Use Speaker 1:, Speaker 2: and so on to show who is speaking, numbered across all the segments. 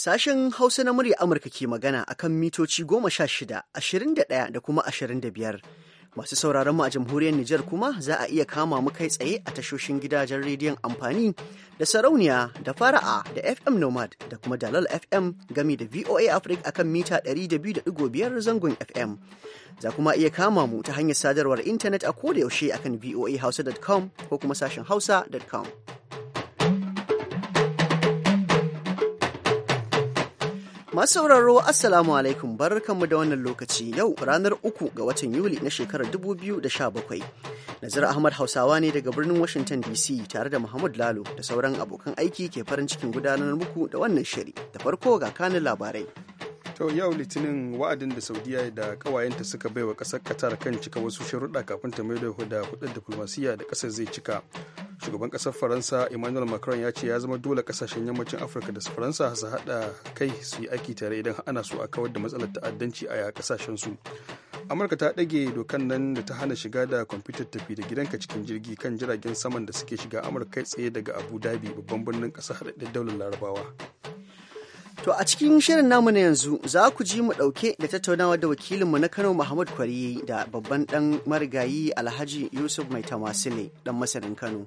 Speaker 1: Sashen Hausa na murya Amurka ke magana a kan mitoci goma sha shida, ashirin da ɗaya da kuma ashirin da biyar. Masu sauraron mu a jamhuriyar Nijar kuma za a iya kama mu kai tsaye a tashoshin gidajen rediyon amfani da sarauniya da fara'a da FM Nomad da kuma Dalal FM gami da VOA Africa akan mita 200.5 zangon FM. Za kuma iya kama mu ta hanyar sadarwar intanet a yaushe akan voahausa.com ko kuma sashen hausa.com. Masauraro Assalamu alaikum mu da wannan lokaci yau ranar uku ga watan Yuli na shekarar 2017. Nazir Ahmad Hausawa ne daga birnin Washington DC tare da Muhammad Lalo da sauran abokan aiki ke farin cikin gudanar muku da wannan shiri. Da farko ga kanin labarai. to
Speaker 2: yau litinin wa'adin da saudiya da kawayenta suka bai wa kasar qatar kan cika wasu sharuɗa kafin ta maido da hudar diflomasiyya da kasar zai cika shugaban ƙasar faransa emmanuel macron ya ce ya zama dole kasashen yammacin afirka da faransa su haɗa kai su yi aiki tare idan ana so a kawar da matsalar ta'addanci a kasashen su amurka ta ɗage dokan nan da ta hana shiga da kwamfutar tafi da gidanka cikin jirgi kan jiragen saman da suke shiga amurka tsaye daga abu dhabi babban
Speaker 1: birnin ƙasar haɗaɗɗen daular larabawa To a cikin shirin namu na yanzu za ku ji mu ɗauke da tattaunawa da wakilinmu na Kano Muhammad Kwariye da babban ɗan marigayi Alhaji Yusuf Mai Tamasile ɗan masanin Kano.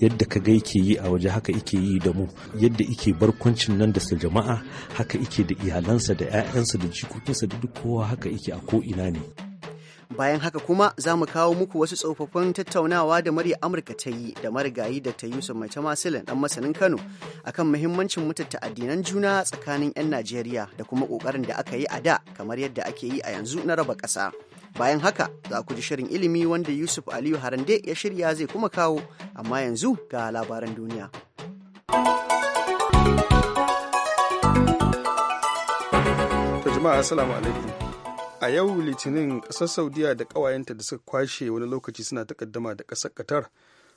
Speaker 3: Yadda ka ga yake yi a waje haka ike yi da mu, yadda ike barkwancin nan da su jama'a haka ike da iyalansa da 'ya'yansa da jikokinsa da duk kowa haka ike a ko'ina ne.
Speaker 1: Bayan haka kuma za mu kawo muku wasu tsofaffin tattaunawa da murya Amurka ta yi da marigayi Dr. Yusuf Mai Masilin, ɗan masanin Kano akan muhimmancin mutunta addinan juna tsakanin 'yan Najeriya da kuma ƙoƙarin da aka yi a da kamar yadda ake yi a yanzu na raba ƙasa. Bayan haka za ku ji shirin ilimi wanda Yusuf Aliyu Harande ya shirya zai kuma kawo amma yanzu ga labaran duniya.
Speaker 2: jama'a assalamu alaikum a yau litinin ƙasar saudiya da ƙawayenta da suka kwashe wani lokaci suna takaddama da ƙasar qatar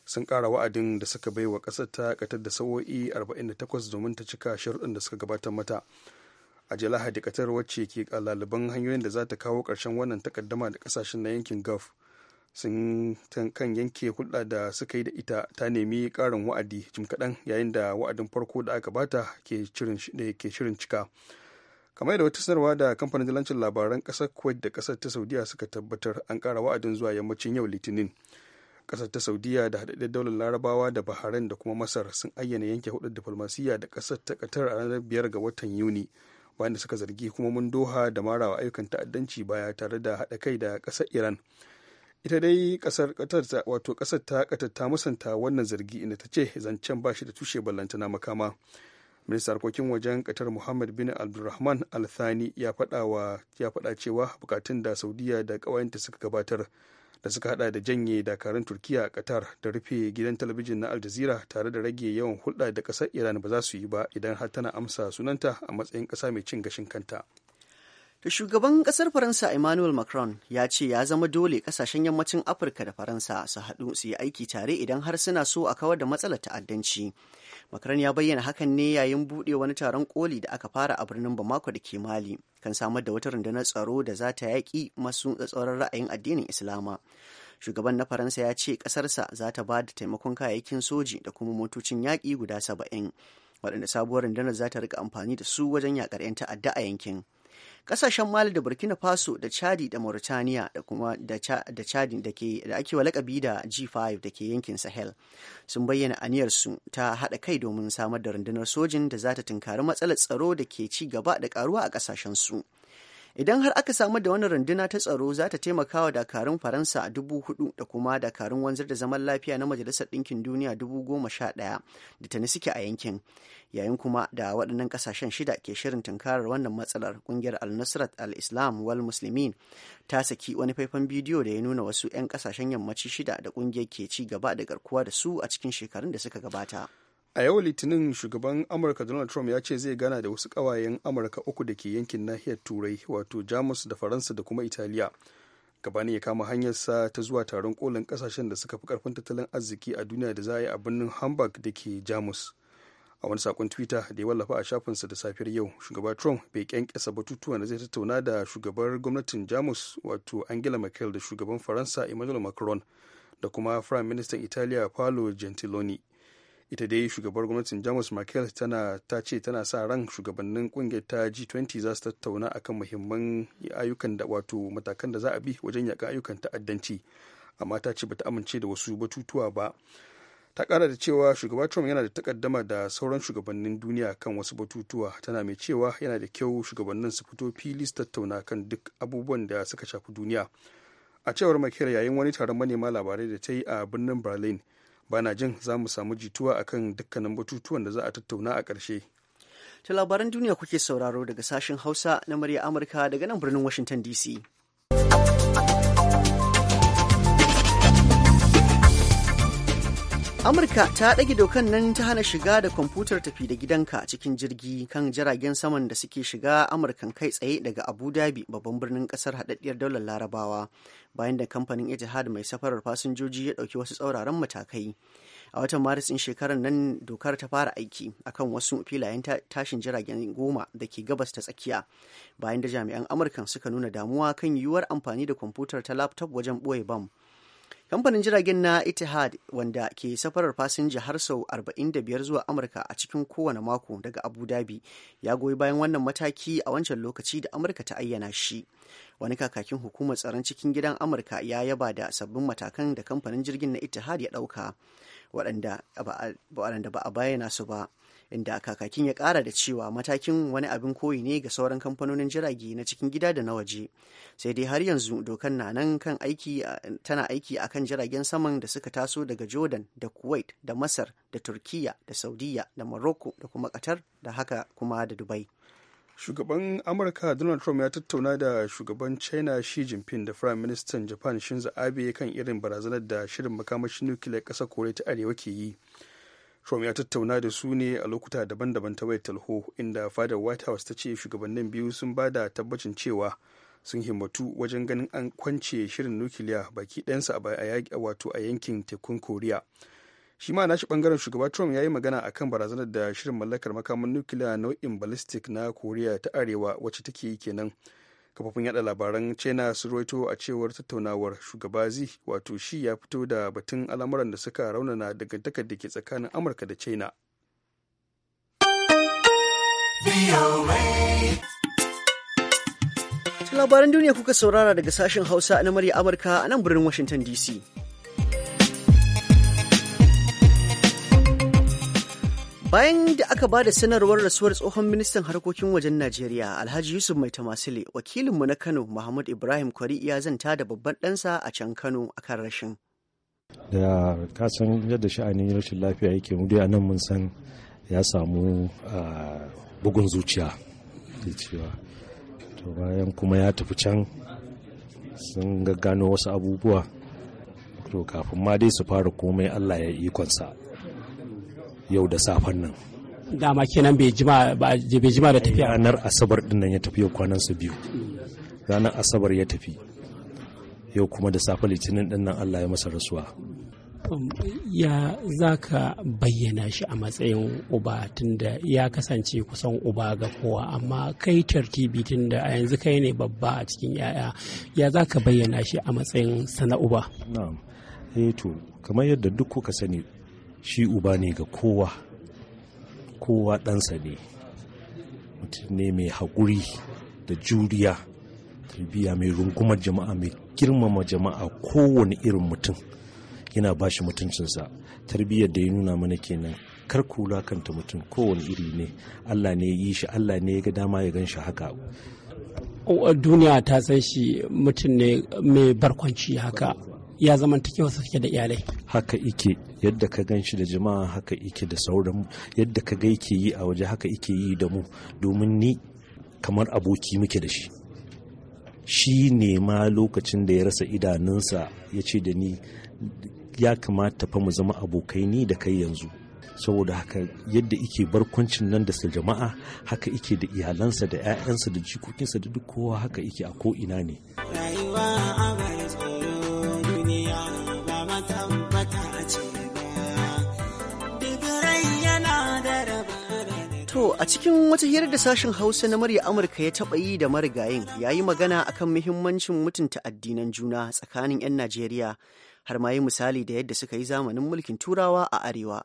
Speaker 2: sun ƙara wa'adin da suka bai wa ƙasar ta ƙatar da sa'o'i 48 domin ta cika sharuɗan da suka gabata mata a jiya lahadi qatar wacce ke ƙalaliban hanyoyin da za ta kawo ƙarshen wannan takaddama da ƙasashen na yankin gulf sun kan yanke hulɗa da suka yi da ita ta nemi ƙarin wa'adi jim kaɗan yayin da wa'adin farko da aka bata ke shirin cika kamar yadda wata sanarwa da kamfanin dalancin labaran kasar kuwait da kasar ta saudiya suka tabbatar an kara wa'adin zuwa yammacin yau litinin kasar ta saudiya da haɗaɗɗen daular larabawa da bahrain da kuma masar sun ayyana yanke hudar diflomasiyya da kasar ta katar a ranar biyar ga watan yuni bayan da suka zargi kuma mun doha da marawa ayyukan ta'addanci baya tare da haɗa kai da kasar iran ita dai kasar katar wato kasar ta katar ta musanta wannan zargi inda ta ce zancen ba shi da tushe ballantana makama ministan harkokin wajen katar muhammad bin abdulrahman althani ya faɗa cewa bukatun da saudiya da ƙawayenta suka gabatar da suka hada da janye dakarun turkiya a qatar da rufe gidan talabijin na aljazira tare da rage yawan hulɗa da ƙasar iran ba za su yi ba idan har tana amsa sunanta a matsayin ƙasa mai cin gashin kanta
Speaker 1: da shugaban ƙasar faransa emmanuel macron ya ce ya zama dole ƙasashen yammacin afirka da faransa su haɗu su yi aiki tare idan har suna so a kawar da matsalar ta'addanci makaran ya bayyana hakan ne yayin buɗe wani taron koli da aka fara a birnin Bamako da ke Mali kan samar da wata rundunar tsaro da za ta yaƙi masu tsatsauran ra'ayin addinin Islama. Shugaban na Faransa ya ce ƙasarsa za ta ba da taimakon kayayyakin soji da kuma motocin yaƙi guda saba'in waɗanda sabuwar rundunar za ta rika amfani da su wajen yaƙar 'yan ta'adda a yankin. kasashen mali da burkina faso da chadi da mauritania da kuma da chadi da ke da ake wa lakabi da g5 da ke yankin sahel sun bayyana aniyarsu ta haɗa kai domin samar da rundunar sojin da za ta tunkari matsalar tsaro da ke ci gaba da karuwa a kasashen su idan har aka samu da wani runduna ta tsaro za ta taimaka wa dakarun faransa a dubu hudu da kuma dakarun wanzar da zaman lafiya na majalisar ɗinkin duniya dubu goma sha ɗaya da tani suke a yankin yayin kuma da waɗannan ƙasashen shida ke shirin tunkarar wannan matsalar ƙungiyar al-nusrat al-islam wal muslimin ta saki wani faifan bidiyo da ya nuna wasu 'yan ƙasashen yammaci shida da ƙungiyar ke ci gaba da garkuwa da su a cikin shekarun da suka gabata. a yau
Speaker 2: litinin shugaban amurka donald trump ya ce zai gana da wasu ƙawayen amurka uku da ke yankin nahiyar turai wato jamus da faransa da kuma italiya gabanin ya kama hanyarsa ta zuwa taron kolin kasashen da suka fi karfin tattalin arziki a duniya da za a yi a birnin hamburg da ke jamus a wani sakon twitter da ya wallafa a shafinsa da safiyar yau shugaba trump bai kyankyasa batutuwa da zai tattauna da shugabar gwamnatin jamus wato angela merkel da shugaban faransa emmanuel macron da kuma prime minister italiya paolo gentiloni ita dai shugabar gwamnatin jamus merkel tana ta ce tana sa ran shugabannin kungiyar ta g20 za su tattauna akan muhimman ayyukan da wato matakan da za a bi wajen yakan ayyukan ta'addanci amma ta ce bata amince da wasu batutuwa ba ta kara da cewa shugaba trump yana da takaddama da sauran shugabannin duniya kan wasu batutuwa tana mai cewa yana da kyau shugabannin su fito fili su tattauna kan duk abubuwan da suka shafi duniya a cewar merkel yayin wani taron manema labarai da ta yi a birnin berlin bana jin za mu samu jituwa akan dukkanin batutuwan
Speaker 1: da za a tattauna a ƙarshe ta labaran duniya kuke sauraro daga sashen hausa na murya amurka daga nan birnin washington dc Amurka ta ɗage dokan nan ta hana shiga da kwamfutar tafi da gidanka cikin jirgi kan jiragen saman da suke shiga Amurkan kai tsaye daga Abu Dhabi babban birnin kasar haɗaɗɗiyar daular Larabawa bayan da kamfanin Etihad mai safarar fasinjoji ya ɗauki wasu tsauraran matakai. A watan Maris ɗin shekarar nan dokar ta fara aiki akan wasu filayen tashin jiragen goma da ke gabas ta tsakiya bayan da jami'an Amurkan suka nuna damuwa kan yiwuwar amfani da kwamfutar ta laptop wajen ɓoye bam. kamfanin jiragen na Etihad wanda ke safarar fasinja har sau 45 zuwa Amurka a cikin kowane mako daga Abu Dhabi ya goyi bayan wannan mataki a wancan lokaci da Amurka ta ayyana shi. Wani kakakin hukumar tsaron cikin gidan Amurka ya yaba da sabbin matakan da kamfanin jirgin na Etihad ya ɗauka. waɗanda ba a bayyana su ba inda kakakin ya ƙara da cewa matakin wani abin koyi ne ga sauran kamfanonin jirage na cikin gida da na waje sai dai har yanzu dokan na nan kan aiki tana aiki a kan jiragen saman da suka taso daga jordan da kuwait da masar da turkiya da saudiya da morocco da kuma qatar da haka kuma da dubai shugaban amurka donald
Speaker 2: trump ya tattauna da shugaban china shi jinping da prime minister japan shinzo abe kan irin barazanar da shirin makamashin nukiliyar ƙasar koriya ta arewa ke yi trump ya tattauna da su ne a lokuta daban-daban ta wayar talho inda fadar white house ta ce shugabannin biyu sun ba da tabbacin cewa sun himmatu wajen ganin an kwance shirin nukiliya baki ɗansa a wato a yankin tekun koriya shi ma nashi bangaren shugaba trump ya yi magana akan barazanar da shirin mallakar makaman nukiliya nau'in ballistic na koriya ta arewa wacce take yi kenan kafofin yada labaran china su roito a cewar tattaunawar shugaba zi wato shi ya fito da batun al'amuran da suka raunana dangantakar da ke tsakanin amurka da china
Speaker 1: labaran duniya kuka saurara daga sashen hausa na murya amurka a nan birnin washington dc Bayan da aka ba da sanarwar rasuwar tsohon ministan harkokin wajen Najeriya Alhaji Yusuf Mai Tamasile, wakilinmu na Kano Muhammad Ibrahim Kwari ya zanta da babban ɗansa a can Kano akan rashin.
Speaker 3: Da kasan yadda sha'anin rashin lafiya yake mu a nan mun san ya samu bugun zuciya da cewa to bayan kuma ya tafi can sun gano wasu abubuwa to kafin ma dai su fara komai Allah ya yi ikonsa yau da safen nan dama kenan bai jima da tafiya ranar asabar din nan ya tafi yau kwanan su biyu ranar asabar ya tafi yau kuma da safe litinin din nan Allah ya masa rasuwa
Speaker 2: um,
Speaker 4: ya za ka bayyana shi a matsayin uba tunda ya kasance kusan uba ga kowa amma kai tartibi tunda a yanzu kai ne babba a cikin yaya ya za ka bayyana shi a matsayin sana uba
Speaker 3: eh kamar yadda duk kuka sani shi uba ne ga kowa kowa ɗansa ne mutum ne mai haƙuri da juriya tarbiyya mai rungumar jama'a mai girmama jama'a kowane irin mutum yana ba shi mutuncinsa tarbiyyar da ya nuna mana kenan kar ku kanta mutum kowane iri ne allah ne ya yi shi allah ne ya ga dama ya gan shi haka
Speaker 4: duniya ta san shi mutum ne mai barkwanci haka ya zamantakewa suke da iyalai
Speaker 3: haka ike yadda ka gan shi da jama'a haka ike da sauran yadda ka ga yake yi a waje haka ike yi da mu domin ni kamar aboki muke da shi shi ne ma lokacin da ya rasa idanunsa ya ce da ni ya kamata fa mu zama abokai ni da kai yanzu saboda haka yadda ike barkwancin nan da jama'a haka ike da iyalansa da 'ya'yansa da jikokinsa da duk kowa haka ike a ko'ina ne rayuwa
Speaker 1: cikin wata hirar da sashen Hausa na murya Amurka ya taɓa yi da marigayin ya yi magana akan muhimmancin mutunta addinan juna tsakanin 'yan Najeriya har ma yi misali da yadda suka yi zamanin mulkin Turawa a Arewa.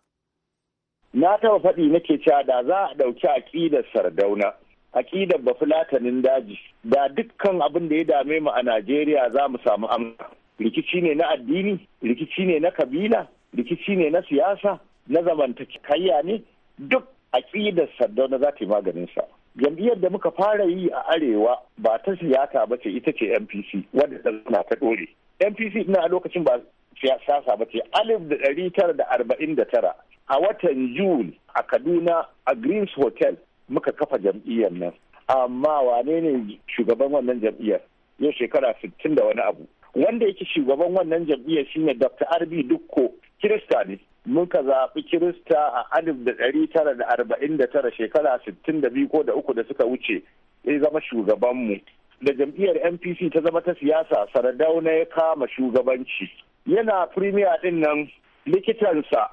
Speaker 1: Na taɓa faɗi
Speaker 5: nake cewa da za a ɗauki aƙidar Sardauna, aƙidar Bafulatanin daji, da dukkan abin da ya dame mu a Najeriya za mu samu amsa. Rikici ne na addini, rikici ne na kabila, rikici ne na siyasa, na zamantakayya ne, duk aƙidar sardauna za ta yi maganin sa jam'iyyar da muka fara yi a arewa ba ta siyasa ba ce ita ce npc wadda ta zana ta ɗore npc ina a lokacin ba siyasa ba ce alif da ɗari tara da arba'in da tara a watan june a kaduna a greens hotel muka kafa jam'iyyar nan amma wane ne shugaban wannan jam'iyyar yau shekara sittin da wani abu wanda yake shugaban wannan jam'iyyar shine dr arbi dukko kirista ne muka zaɓi kirista a alif da ɗari tara da arba'in da tara shekara sittin da biyu ko da uku da suka wuce ya zama shugabanmu da jam'iyyar npc ta zama ta siyasa sardauna ya kama shugabanci yana firimiya ɗin nan likitansa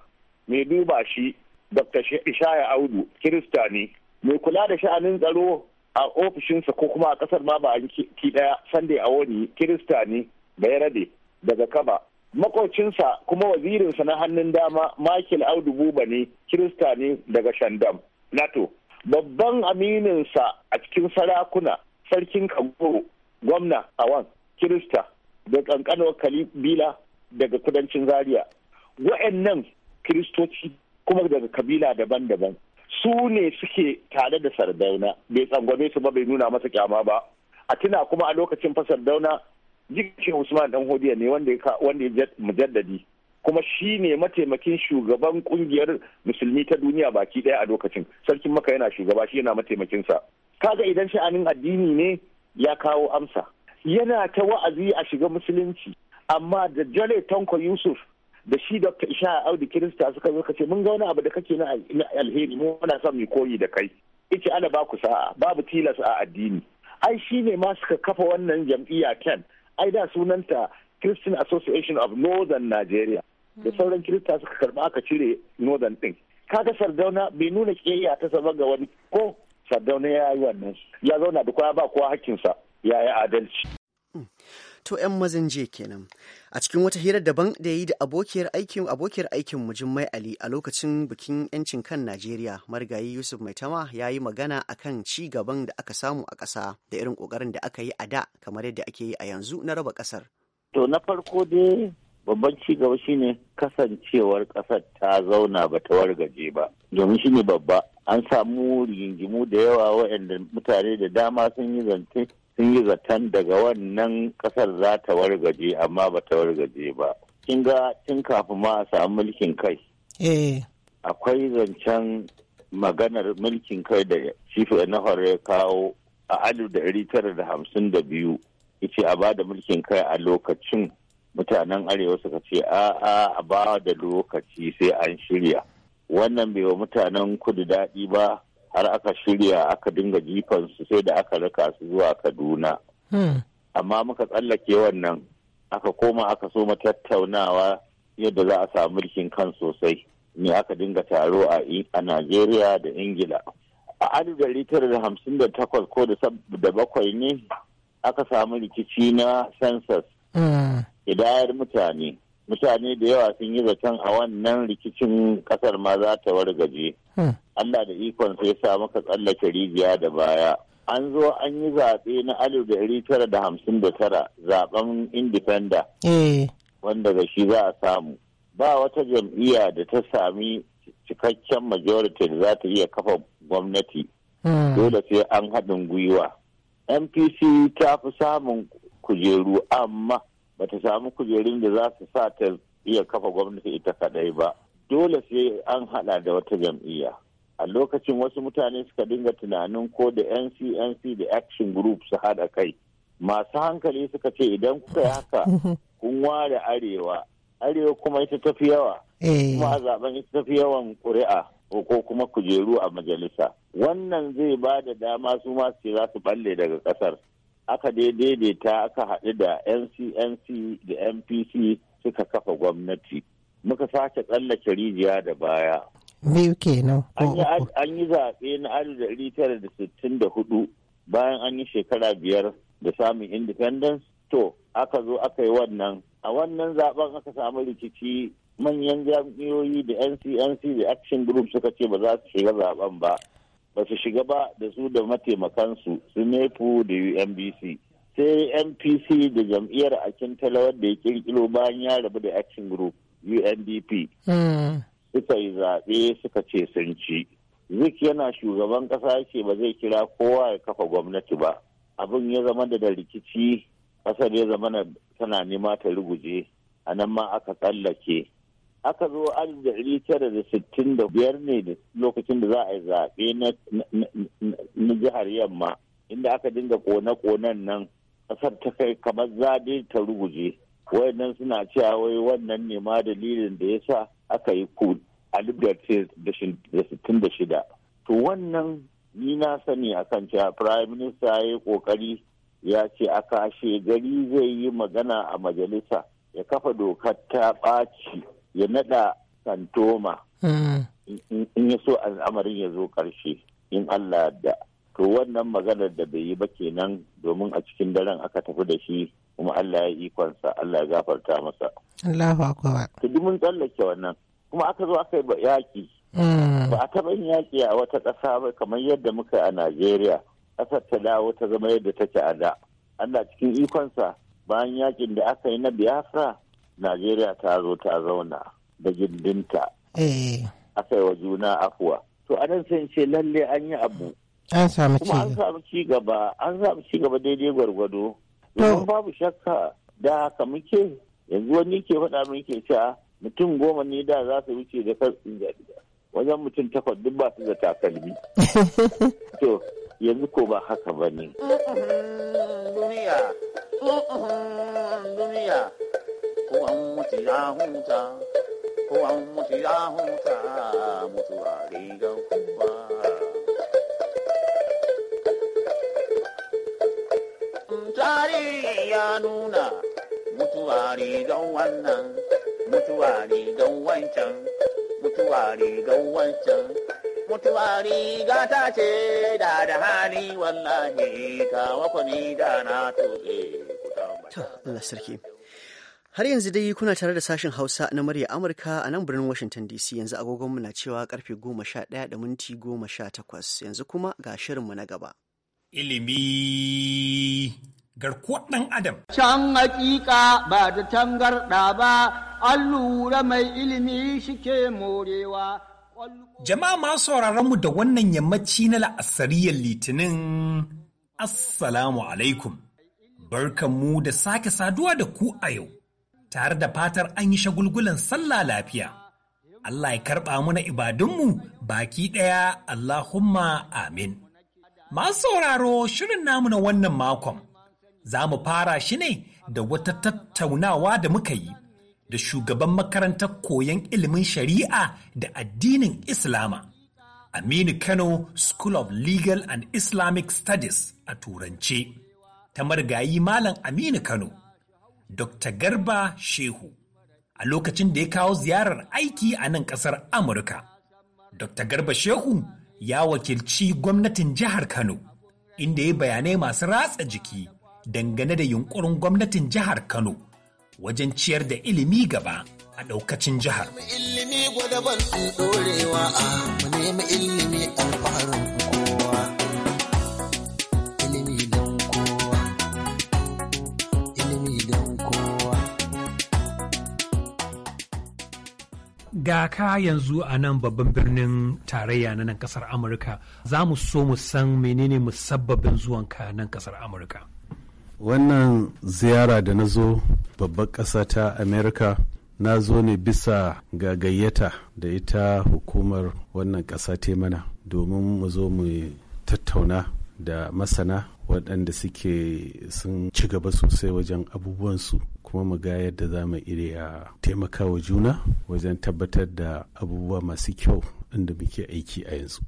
Speaker 5: mai duba shi dr ishaya audu kirista ne mai kula da sha'anin tsaro a ofishinsa ko kuma a kasar ma ba a ki daya sunday a wani kirista ne da daga kaba makwacinsa kuma wazirinsa na hannun dama Michael Audu Buba ne Kirista ne daga Shandam NATO babban amininsa a cikin sarakuna sarkin Kagoro gwamna Awan Kirista da kankano kabila daga kudancin Zaria wa'annan kiristoci kuma daga kabila daban-daban su ne suke tare da sardauna bai tsangwame su ba bai nuna masa kyama ba a tuna kuma a lokacin fa sardauna jikin usman dan hodiya ne wanda ya wanda mujaddadi kuma shi ne mataimakin shugaban kungiyar musulmi ta duniya baki daya a lokacin sarkin maka yana shugaba shi yana mataimakin mataimakinsa kaga idan sha'anin addini ne ya kawo amsa yana ta wa'azi a shiga musulunci amma da jale tanko yusuf da shi dr isha audu kirista suka zo ce mun ga wani abu da kake na alheri mu muna son mu koyi da kai ice ana ba ku sa'a babu tilas a addini ai shi ne ma suka kafa wannan jam'iyya 10 ai da sunanta Christian Association of Northern Nigeria da hmm. sauran Kirista suka karba aka cire Northern din kaga Sardauna bai nuna kiyayya ta saba ga wani ko Sardauna ya yi wannan ya zauna da kowa ba kowa hakkinsa ya yi adalci hmm.
Speaker 1: to 'yan mazan kenan a cikin wata hira daban da ya yi da abokiyar aikin abokiyar aikin mujin jummai ali a lokacin bikin yancin kan najeriya marigayi yusuf mai tama ya yi magana akan ci gaban da aka samu a ƙasa da irin ƙoƙarin da aka yi a da kamar yadda ake yi a yanzu na raba ƙasar
Speaker 5: to na farko dai babban ci gaba shine kasancewar ƙasar ta zauna ba ta wargaje ba domin shine babba an samu rigingimu da yawa waɗanda mutane da dama sun yi zance sun yi zaton daga wannan kasar za ta wargaje amma ba ta wargaje ba kin ga tun kafin ma a samu mulkin kai eh. akwai zancen maganar mulkin kai da shifu na ya kawo a alif da tara da hamsin da biyu ce a ba da mulkin kai a lokacin mutanen arewa suka ce a a a ba da lokaci sai an shirya wannan bai wa mutanen kudu daɗi ba har aka shirya aka dinga jifansu sai da aka raka su zuwa kaduna hmm. amma muka tsallake wannan aka koma aka so tattaunawa yadda za a samu mulkin kan sosai ne aka dinga taro a najeriya da ingila a alif dari tara da hamsin da takwas ko da bakwai ne aka samu rikici na census hmm. idayar mutane mutane da yawa sun yi zaton a wannan rikicin kasar ma za ta wargaje. Hmm. Allah da ikon sai sa maka tsallake rijiya da baya. An zo an yi zaɓe na alif da ɗari tara da hamsin da tara zaɓen indifenda. Eh. Wanda ga shi za a samu. Ba wata jam'iyya da ta sami cikakken majority da za ta iya kafa gwamnati. Hmm. Dole sai an haɗin gwiwa. MPC ta fi samun kujeru amma bata samu kujerun da za su sa ta iya kafa gwamnati ita kadai ba dole sai an hada da wata jam'iyya a lokacin wasu mutane suka dinga tunanin ko da ncnc da action group su hada kai masu hankali suka ce idan kuka yi haka kun ware arewa arewa kuma ita tafi yawa eh. kuma a zaben ita tafi yawan ƙuri'a ko kuma kujeru a majalisa wannan zai ba da dama su masu su za su balle daga ƙasar aka daidaita aka haɗu da ncnc da mpc suka kafa gwamnati muka sake tsallake rijiya da baya biyu an yi zaɓe na alif da tara da sittin da hudu bayan an yi shekara biyar da samun independence to aka zo aka yi wannan a wannan zaɓen aka samu rikici manyan jami'oyi da ncnc da action group suka ce ba za su shiga zaɓen ba ba su shiga ba da su da mataimakansu su nefu da unbc sai mpc da jam'iyyar akin talawar da ya kirkiro bayan ya rabu da action group undp hmm. suka yi zaɓe suka ce sun ci zik yana shugaban ƙasa yake ba zai kira kowa ya kafa gwamnati ba abin ya zama da rikici ƙasar ya zama tana nema ta ruguje a nan ma aka tsallake aka zo alif da ɗari tara da sittin da biyar ne da lokacin da za a yi zaɓe na jihar yamma inda aka dinga kone-konen nan ƙasar ta kai kamar zabe ta ruguje wayannan suna cewa wai wannan ne ma dalilin da ya sa aka yi ku alif da sittin da shida to wannan ni na sani a kan cewa prime minister ya yi kokari ya ce a kashe gari zai yi magana a majalisa ya kafa dokar ta ɓaci ya naɗa santoma hmm. in ya so al'amarin ya zo karshe in Allah da to wannan maganar da bai yi ba kenan domin a cikin daren aka tafi da shi kuma Allah ya ikonsa Allah ya gafarta masa Allahu akbar to duk mun tsallake wannan kuma aka zo aka yi yaƙi hmm. ba a taɓa yin yaƙi a wata ƙasa ba kamar yadda muka a Najeriya ƙasar ta dawo ta zama yadda ta ci a da Allah cikin ikonsa bayan yaƙin da aka yi na Biafra najeriya ta zo ta zauna da gindinta eh. A yi wa juna afuwa to anan sai ce lalle an yi abu
Speaker 3: an samu ci an
Speaker 5: samu ci gaba an samu ci gaba daidai gwargwado domin babu shakka da haka muke yanzu wani ke faɗa min ke cewa mutum goma ne da za su wuce da kan wajen mutum takwas duk ba su da takalmi to yanzu ko ba haka ba ne duniya duniya an mutu ya mutu ya ya nuna mutuwa rigar wannan wancan wancan riga ta ce da da hali wallahi da
Speaker 4: na
Speaker 1: To, Allah sarki. Har yanzu dai kuna tare da sashen Hausa na murya Amurka a nan birnin Washington DC yanzu agogonmu na cewa karfe goma sha ɗaya da minti goma sha takwas yanzu kuma ga shirinmu na gaba.
Speaker 4: Ilimi garkuwar ɗan Adam.
Speaker 1: Can hakika ba da tangarɗa ba,
Speaker 4: an
Speaker 2: lura mai ilimi shike morewa.
Speaker 4: Jama'a masu mu da wannan yammaci na la'asariyar litinin, Assalamu alaikum. Barkanmu da sake saduwa da ku a yau. tare da fatar an yi shagulgulan sallah lafiya. Allah ya karɓa muna ibadunmu baki ɗaya Allahumma amin. Masu sauraro shirin namu na wannan makon, za mu fara shi ne da wata tattaunawa da muka yi da shugaban makarantar koyon ilimin shari'a da addinin Islama. Aminu Kano School of Legal and Islamic Studies a Turance, ta marigayi Malam Aminu Kano. Dr. Garba Shehu a lokacin da ya kawo ziyarar aiki a nan ƙasar Amurka. Dr. Garba Shehu ya wakilci gwamnatin jihar Kano, inda ya bayanai masu ratsa jiki dangane da yunkurin gwamnatin jihar Kano wajen ciyar da ilimi gaba a ɗaukacin jihar.
Speaker 5: Ilimi
Speaker 4: ilimi ga ka yanzu a nan babban birnin tarayya na nan kasar amurka za mu so mu san menene musabbabin zuwanka nan kasar amurka
Speaker 6: wannan ziyara da na zo babban ƙasa ta amurka na zo ne bisa ga gayyata da ita hukumar wannan ƙasa ta mana domin mu zo mu tattauna da masana waɗanda suke sun ci gaba sosai wajen abubuwansu kuma mu ga yadda za mu iri a taimaka wa juna wajen tabbatar da abubuwa masu kyau inda muke aiki a yanzu.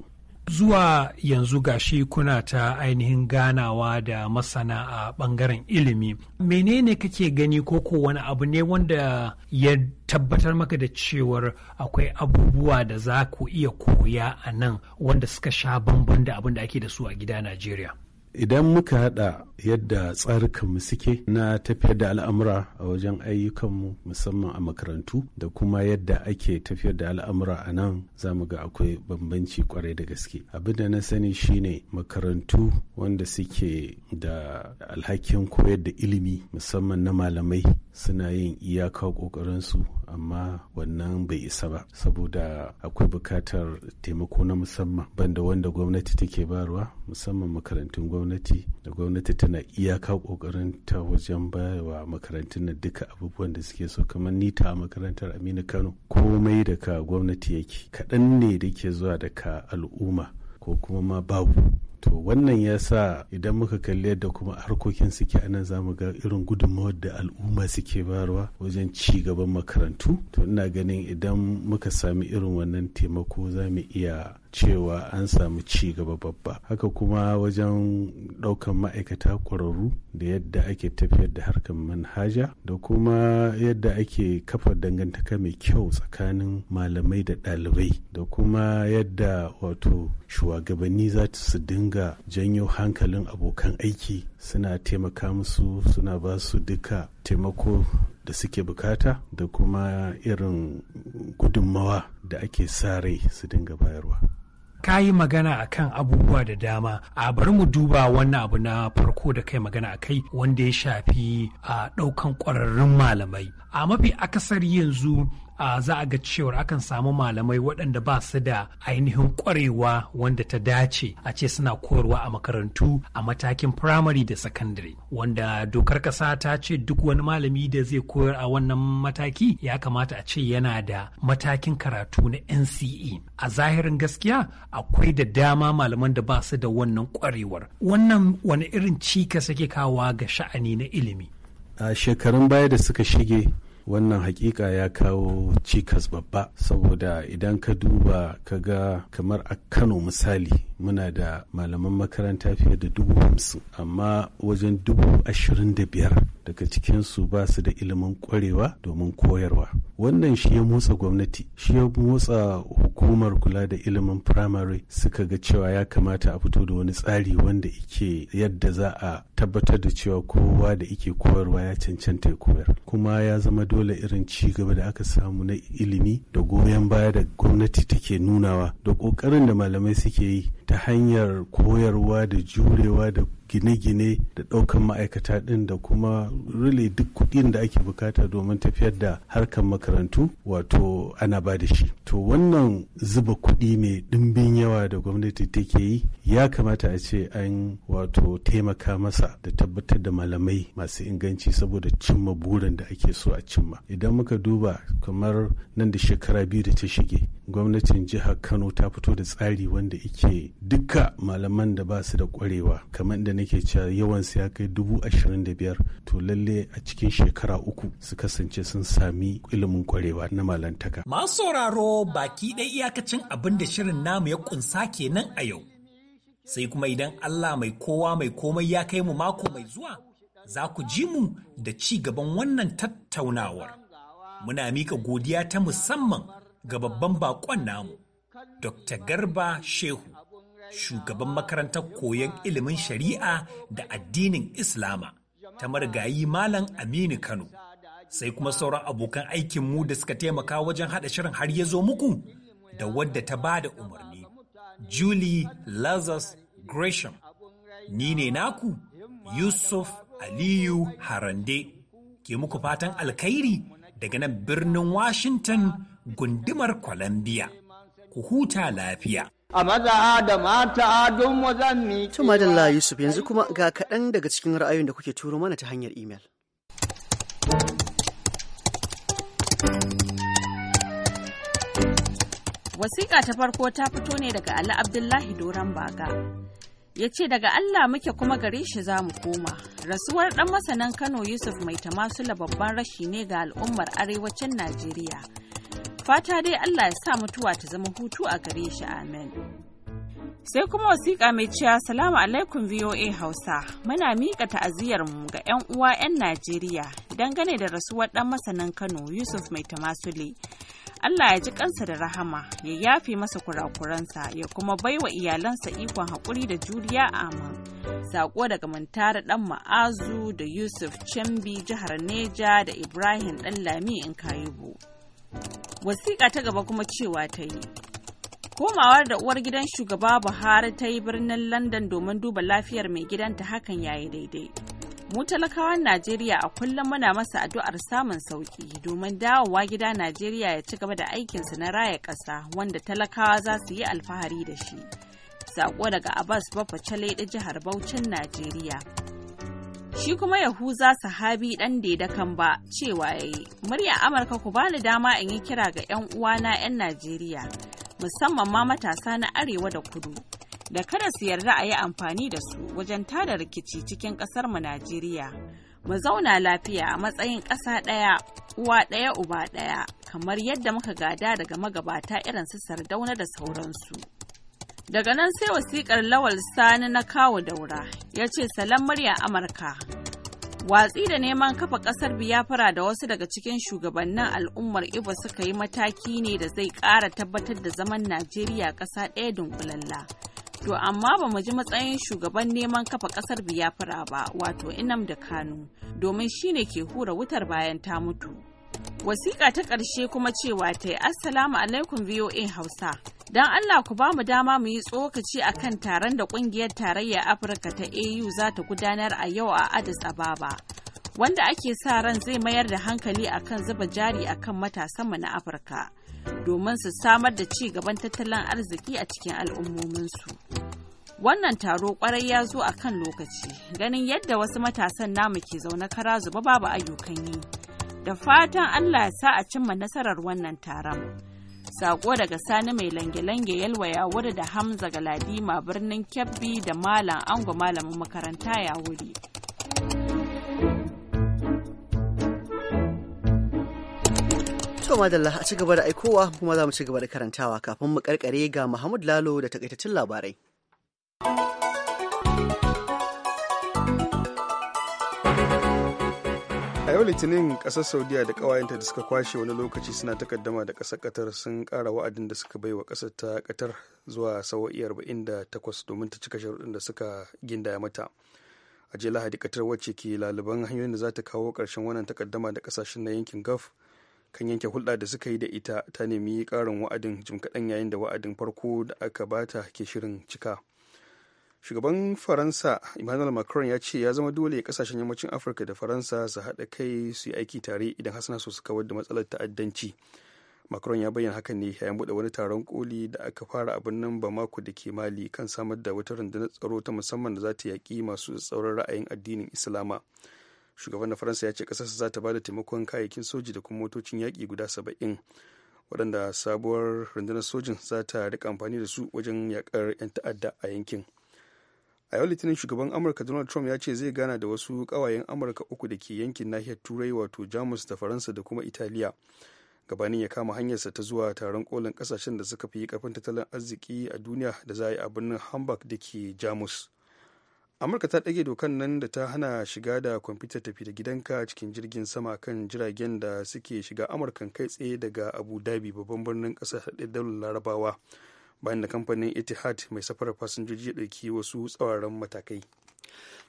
Speaker 4: Zuwa yanzu gashi kuna ta ainihin ganawa da masana a bangaren ilimi. Menene kake gani ko ko wani abu ne wanda ya tabbatar maka da cewar akwai abubuwa da za ku iya koya a nan wanda suka sha bamban da abin da ake da su a gida Najeriya?
Speaker 6: idan muka hada yadda tsarukanmu suke na tafiyar da al'amura a wajen ayyukanmu musamman a makarantu da kuma yadda ake tafiyar da al'amura a nan za mu ga akwai bambanci kwarai da gaske abin da na sani shine makarantu wanda suke da alhakin koyar da ilimi musamman na malamai suna yin iyaka ƙoƙarinsu amma wannan bai isa ba saboda akwai bukatar taimako na musamman banda wanda gwamnati take barwa musamman makarantun gwamnati da gwamnati tana iyaka kokarin ta wajen bayarwa makarantun na duka abubuwan da suke so kamar nita a makarantar aminu kano komai da ka gwamnati yake kaɗan ne da ke zuwa daga al'umma ko kuma ma babu to wannan ya sa idan muka kalli yadda kuma harkokin suke anan za mu ga irin gudunmawar da al'umma suke bayarwa wajen ci gaban makarantu to ina ganin idan muka sami irin wannan taimako za mu iya cewa an samu ci gaba babba haka kuma wajen ɗaukan ma'aikata ƙwararru da yadda ake tafiyar da harkar manhaja da kuma yadda ake kafa dangantaka mai kyau tsakanin malamai da ɗalibai da kuma yadda wato shugabanni za su dinga janyo hankalin abokan aiki suna taimaka musu suna ba su duka taimako da suke bukata da kuma irin gudunmawa da ake sa rai su dinga bayarwa
Speaker 4: ka yi magana a kan abubuwa da dama a bari mu duba wannan abu na farko da kai magana a kai wanda ya shafi a ɗaukan ƙwararrun malamai a mafi akasari yanzu A za a ga cewar akan samu malamai waɗanda ba su da ainihin ƙwarewa wanda ta dace a ce suna koyarwa a makarantu a matakin firamare da sakandare wanda dokar ƙasa ta ce duk wani malami da zai koyar a wannan mataki ya kamata a ce yana da matakin karatu na NCE a zahirin gaskiya akwai da dama malaman da ba su da wannan ƙwarewar wannan wani irin cikas yake kawo ga sha'ani na ilimi
Speaker 6: a shekarun baya da suka shige wannan hakika ya kawo cikas babba saboda idan ka duba ka ga kamar a kano misali muna da malaman makaranta fiye da dubu hamsin amma wajen dubu ashirin da biyar daga cikinsu ba su da ilimin kwarewa domin koyarwa wannan shi ya motsa gwamnati shi ya motsa hukumar kula da ilimin firamare suka ga cewa ya kamata a fito da wani tsari wanda ike yadda za a tabbatar da cewa kowa da ike koyarwa ya cancanta ya koyar kuma ya zama dole irin ci gaba da aka samu na ilimi da goyon baya da gwamnati take nunawa da ƙoƙarin da malamai suke yi ta hanyar koyarwa da jurewa da gine-gine da ɗaukan ma'aikata ɗin da kuma really duk kuɗin da ake bukata domin tafiyar da harkar makarantu wato ana ba da shi to wannan zuba kuɗi mai ɗimbin yawa da gwamnati take yi ya kamata a ce an wato taimaka masa da tabbatar da malamai masu inganci saboda cimma burin da ake so a cimma idan muka duba kamar nan da shekara biyu da ta shige gwamnatin jihar kano ta fito da tsari wanda ike dukka malaman da ba su da kwarewa kamar da nake cewa yawan su ya kai dubu ashirin da biyar to lalle a cikin shekara uku su kasance sun sami ilimin kwarewa na malantaka.
Speaker 4: Masu sauraro baki ɗaya iyakacin abin da shirin namu ya kunsa kenan a yau. Sai kuma idan Allah mai kowa mai komai ya kai mu mako mai zuwa za ku ji mu da ci gaban wannan tattaunawar. Muna mika godiya ta musamman ga babban bakon namu, Dr. Garba Shehu. shugaban makarantar koyon ilimin shari'a da addinin Islama ta marigayi Malam Aminu Kano. Sai kuma sauran abokan aikinmu da suka taimaka wajen haɗa shirin har ya zo muku da wadda ta ba da umarni. Julie Lazarus Gresham. Ni ne naku Yusuf Aliyu Harande. Ke muku fatan alkhairi daga nan birnin Washington gundumar Columbia. Ku huta lafiya.
Speaker 1: a maza da mata don mu zan mi. Madalla Yusuf yanzu kuma ga kaɗan daga cikin ra'ayoyin da kuke turo mana ta hanyar imel.
Speaker 7: Wasiƙa ta farko ta fito ne daga Ali Abdullahi Doron Baga. Ya ce daga Allah muke kuma gare shi za mu koma. Rasuwar ɗan masanan Kano Yusuf Mai Tamasula babban rashi ne ga al'ummar arewacin Najeriya. fata dai Allah ya sa mutuwa ta zama hutu a gare shi amen sai kuma wasiƙa mai cewa salamu alaikum voa hausa muna miƙa ta'aziyarmu ga 'yan uwa 'yan najeriya dangane da rasuwar ɗan masanin kano yusuf mai tamasule allah ya ji kansa da rahama ya yafe masa kurakuransa ya kuma baiwa iyalansa ikon haƙuri da juriya amin saƙo daga mantara ɗan ma'azu da yusuf cimbi jihar neja da ibrahim ɗan lami in kayibu wasiƙa ta gaba kuma cewa ta yi komawar da uwar gidan shugaba buhari ta yi birnin london domin duba lafiyar mai gidanta hakan yayi daidai mu talakawan najeriya a kullum muna masa addu'ar samun sauki domin dawowa gida najeriya ya ci gaba da aikinsa na raya ƙasa wanda talakawa za su yi alfahari da shi sako daga abbas bafa da jihar Bauchin najeriya Shi kuma Yahuza sahabi ɗan da kan ba cewa ya yi, murya Amurka ku bani dama in yi kira ga 'yan uwana 'yan Najeriya, musamman ma matasa na arewa da kudu. Da kada su yarda a yi amfani da su wajen tada rikici cikin ƙasar mu Najeriya. Mu zauna lafiya a matsayin ƙasa ɗaya, uwa ɗaya uba ɗaya, kamar yadda muka gada daga magabata irin su Sardauna da sauransu. Daga nan sai wasiƙar Lawal Sani na kawo daura ya ce "Salam murya Amurka. Watsi da neman kafa ƙasar biyafara da wasu daga cikin shugabannin al'ummar Ibo suka yi mataki ne da zai ƙara tabbatar da zaman Najeriya ƙasa ɗaya dunkulalla. To amma ba mu ji matsayin shugaban neman kafa ƙasar biyafara ba wato inam da kanu domin shine ke hura wutar bayan ta mutu. Wasiƙa ta ƙarshe kuma cewa ta yi Assalamu alaikum VOA Hausa. Don Allah ku ba mu dama mu yi tsokaci a kan taron da kungiyar tarayyar Afirka ta AU za ta gudanar a yau a Addis Ababa. Wanda ake sa ran zai mayar da hankali a kan zuba jari a kan matasanmu na Afirka domin su samar da ci gaban tattalin arziki a cikin al'ummominsu. Wannan taro kwarai ya zo a kan lokaci, ganin yadda wasu matasan namu ke zaune kara zuba babu ayyukan yi. Da fatan Allah ya sa a cimma nasarar wannan taron. Sako daga Sani mai lange-lange yalwa ya wuri da Hamza ga Galadima birnin Kebbi da Malam Ango malamin makaranta ya wuri. To
Speaker 1: madalla a ci gaba da aikowa kuma za mu ci gaba da karantawa kafin mu karkare ga Muhammad Lalo da takaitaccen labarai.
Speaker 2: a yau litinin kasar saudiya da kawayenta da suka kwashe wani lokaci suna takaddama da kasar qatar sun kara wa'adin da suka baiwa kasar ta qatar zuwa sawa'i takwas domin ta cika sharuɗin da suka gindaya mata a jiya lahadi qatar wacce ke laliban hanyoyin da za ta kawo ƙarshen wannan takaddama da kasashen na yankin gaf kan yanke hulɗa da suka yi da ita ta nemi karin wa'adin jim kaɗan yayin da wa'adin farko da aka bata ke shirin cika shugaban faransa emmanuel macron ya ce ya zama dole kasashen yammacin afirka da faransa su haɗa kai su yi aiki tare idan hasana su kawar da matsalar ta'addanci macron ya bayyana hakan ne yayin buɗe wani taron koli da aka fara a birnin bamako da ke mali kan samar da wata rundunar tsaro ta musamman da za ta yaƙi masu tsauran ra'ayin addinin islama shugaban na faransa ya ce kasarsa za ta ba da taimakon kayayyakin soji da kuma motocin yaƙi guda saba'in waɗanda sabuwar rundunar sojin za ta riƙa amfani da su wajen yaƙar 'yan ta'adda a yankin a yau litinin shugaban amurka donald trump ya ce zai gana da wasu kawayen amurka uku da ke yankin nahiyar turai wato jamus da faransa da kuma italiya gabanin ya kama hanyarsa ta zuwa taron kolin kasashen da suka fi karfin tattalin arziki a duniya da za a yi a birnin hamburg da ke jamus amurka ta ɗage dokan nan da ta hana shiga da kwamfutar tafi da gidanka cikin jirgin sama kan jiragen da suke shiga amurkan kai tsaye daga abu dhabi babban birnin ƙasar haɗe daular larabawa bayan da kamfanin Etihad mai
Speaker 1: safarar fasinjoji ya ɗauki wasu tsawaran matakai.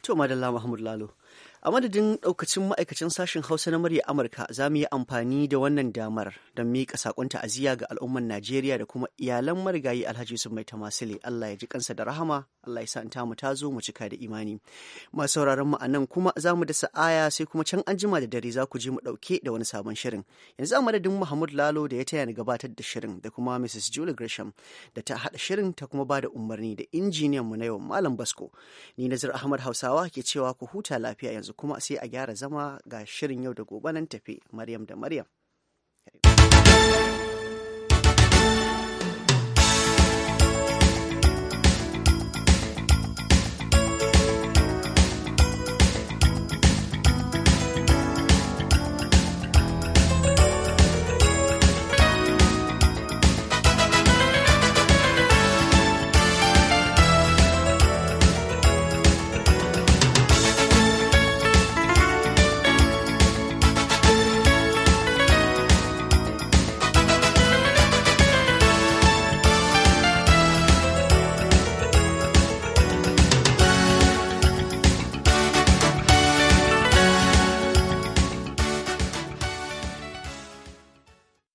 Speaker 1: To Madalla Muhammad Lalo. a madadin daukacin ma'aikacin sashen hausa na murya amurka za mu yi amfani da wannan damar don miƙa sakon ta'aziyya ga al'umman najeriya da kuma iyalan marigayi alhaji yusuf mai tamasile allah ya ji kansa da rahama allah ya sa mu ta zo mu cika da imani masu sauraron mu a nan kuma za mu dasa aya sai kuma can an jima da dare za ku je mu ɗauke da wani sabon shirin yanzu a madadin muhammad lalo da ya taya ni gabatar da shirin da kuma mrs julie gresham da ta haɗa shirin ta kuma ba da umarni da injiniyan mu na yau malam basko ni nazir ahmad hausawa ke cewa ku huta lafiya yanzu kuma sai a gyara zama ga shirin yau da gobe nan tafe Maryam da Maryam.